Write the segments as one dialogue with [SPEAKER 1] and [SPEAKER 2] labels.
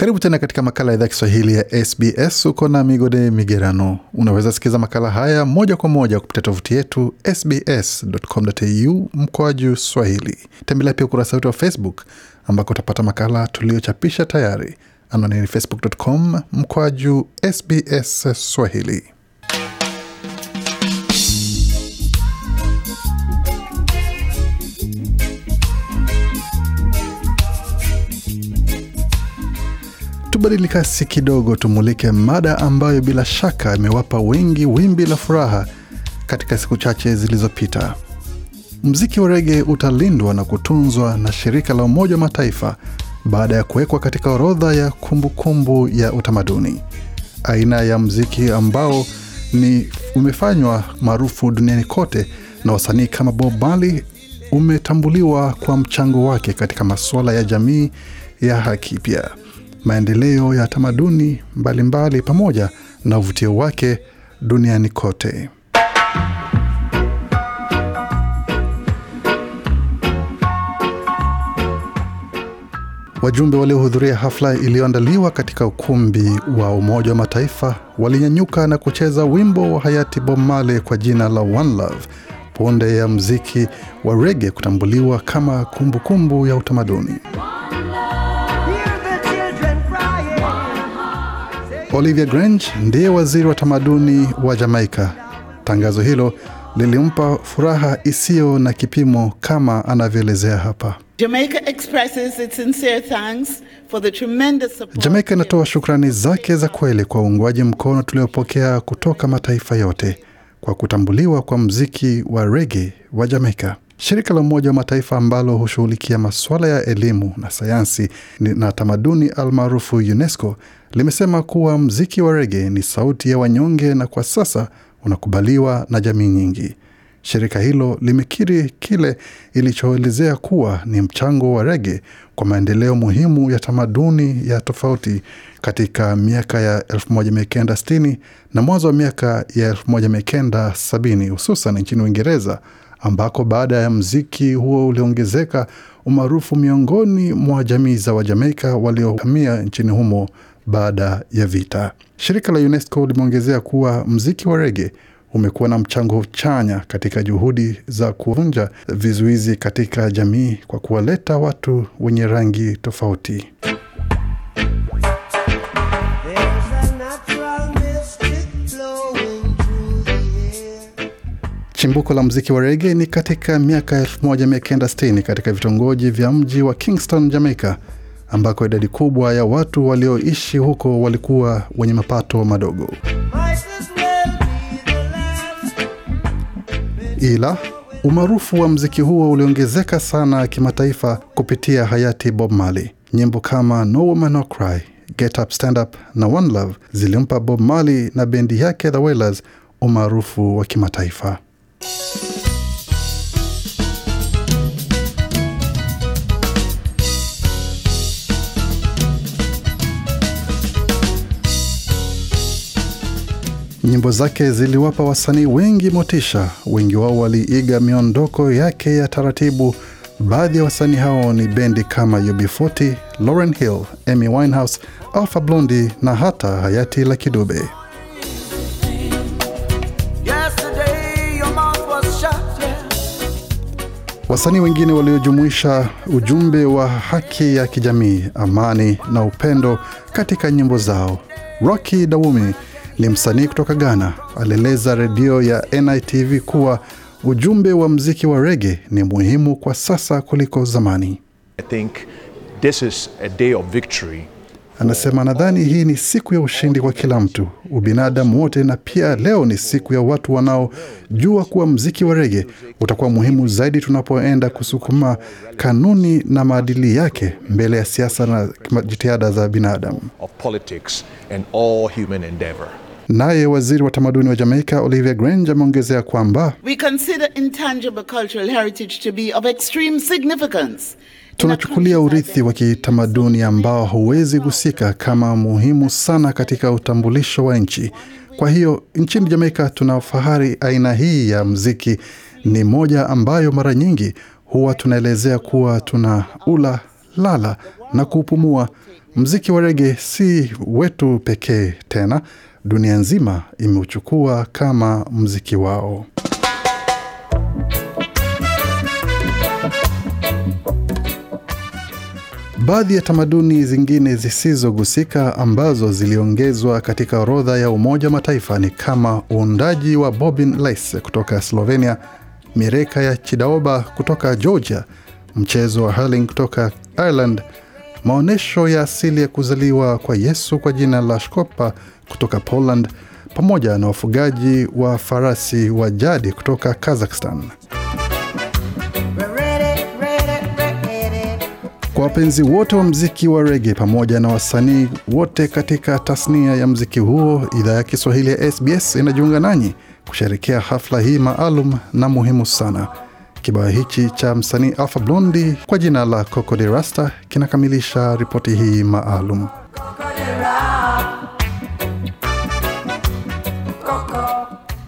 [SPEAKER 1] Karibu tena katika makala ya idhaa Kiswahili ya SBS. Uko na Migode Migerano. Unaweza sikiliza makala haya moja kwa moja kupitia tovuti yetu sbs.com.au mkoaju swahili. Tembelea pia ukurasa wetu wa Facebook ambako utapata makala tuliochapisha tayari. Anwani ni facebook.com mkoaju sbs swahili. Tafadhali kasi kidogo, tumulike mada ambayo bila shaka imewapa wengi wimbi la furaha katika siku chache zilizopita. Mziki wa rege utalindwa na kutunzwa na shirika la Umoja wa Mataifa baada ya kuwekwa katika orodha ya kumbukumbu -kumbu ya utamaduni, aina ya mziki ambao ni umefanywa maarufu duniani kote na wasanii kama Bob Marley. Umetambuliwa kwa mchango wake katika masuala ya jamii ya haki pia maendeleo ya tamaduni mbalimbali pamoja na uvutio wake duniani kote. Wajumbe waliohudhuria hafla iliyoandaliwa katika ukumbi wa Umoja wa Mataifa walinyanyuka na kucheza wimbo wa hayati Bob Marley kwa jina la One Love punde ya mziki wa rege kutambuliwa kama kumbukumbu kumbu ya utamaduni. Olivia Grange ndiye waziri wa tamaduni wa Jamaika. Tangazo hilo lilimpa furaha isiyo na kipimo kama anavyoelezea hapa. Jamaika inatoa shukrani zake za kweli kwa uungwaji mkono tuliopokea kutoka mataifa yote kwa kutambuliwa kwa mziki wa rege wa Jamaika. Shirika la Umoja wa Mataifa ambalo hushughulikia masuala ya elimu na sayansi na tamaduni almaarufu UNESCO limesema kuwa mziki wa rege ni sauti ya wanyonge na kwa sasa unakubaliwa na jamii nyingi. Shirika hilo limekiri kile ilichoelezea kuwa ni mchango wa rege kwa maendeleo muhimu ya tamaduni ya tofauti katika miaka ya 1960 na mwanzo wa miaka ya 1970 hususan nchini Uingereza ambako baada ya mziki huo uliongezeka umaarufu miongoni mwa jamii za Wajamaika waliohamia nchini humo baada ya vita. Shirika la UNESCO limeongezea kuwa mziki wa rege umekuwa na mchango chanya katika juhudi za kuvunja vizuizi katika jamii kwa kuwaleta watu wenye rangi tofauti Chimbuko la mziki wa rege ni katika miaka 1960 katika vitongoji vya mji wa Kingston, Jamaica, ambako idadi kubwa ya watu walioishi huko walikuwa wenye mapato madogo, ila umaarufu wa mziki huo uliongezeka sana kimataifa kupitia hayati Bob Marley. Nyimbo kama No Woman No Cry, Get Up Stand Up na One Love zilimpa Bob Marley na bendi yake The Wailers umaarufu wa kimataifa. Nyimbo zake ziliwapa wasanii wengi motisha. Wengi wao waliiga miondoko yake ya taratibu. Baadhi ya wasanii hao ni bendi kama UB40, Lauren Hill, Amy Winehouse, Alpha Blondy na hata hayati Lucky Dube. Wasanii wengine waliojumuisha ujumbe wa haki ya kijamii, amani na upendo katika nyimbo zao. Rocky Dawumi ni msanii kutoka Ghana, alieleza redio ya NITV kuwa ujumbe wa mziki wa rege ni muhimu kwa sasa kuliko zamani. I think this is a day of victory. Anasema nadhani hii ni siku ya ushindi kwa kila mtu, ubinadamu wote, na pia leo ni siku ya watu wanaojua kuwa mziki wa rege utakuwa muhimu zaidi tunapoenda kusukuma kanuni na maadili yake mbele ya siasa na jitihada za binadamu. Naye waziri wa tamaduni wa Jamaika Olivia Grange ameongezea kwamba We consider intangible cultural heritage to be of extreme significance Tunachukulia urithi wa kitamaduni ambao huwezi gusika kama muhimu sana katika utambulisho wa nchi. Kwa hiyo nchini Jamaika tuna fahari. Aina hii ya mziki ni moja ambayo mara nyingi huwa tunaelezea kuwa tuna ula lala na kupumua. Mziki wa rege si wetu pekee tena, dunia nzima imeuchukua kama mziki wao. Baadhi ya tamaduni zingine zisizogusika ambazo ziliongezwa katika orodha ya Umoja wa Mataifa ni kama uundaji wa Bobin Lace kutoka Slovenia, mireka ya Chidaoba kutoka Georgia, mchezo wa hurling kutoka Ireland, maonyesho ya asili ya kuzaliwa kwa Yesu kwa jina la Shkopa kutoka Poland, pamoja na wafugaji wa farasi wa jadi kutoka Kazakhstan. kwa wapenzi wote wa mziki wa rege pamoja na wasanii wote katika tasnia ya mziki huo. Idhaa ya Kiswahili ya SBS inajiunga nanyi kusherekea hafla hii maalum na muhimu sana. Kibao hichi cha msanii Alpha Blondy kwa jina la Coco de Rasta kinakamilisha ripoti hii maalum.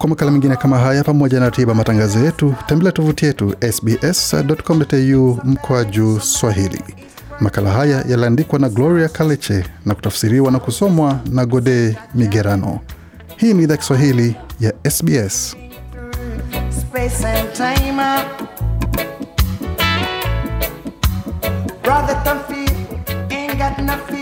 [SPEAKER 1] Kwa makala mengine kama haya pamoja na ratiba matangazo yetu, tembelea tovuti yetu sbs.com.au mkoa juu Swahili. Makala haya yaliandikwa na Gloria Kaleche na kutafsiriwa na kusomwa na Gode Migerano. Hii ni idhaa Kiswahili ya SBS. nothing.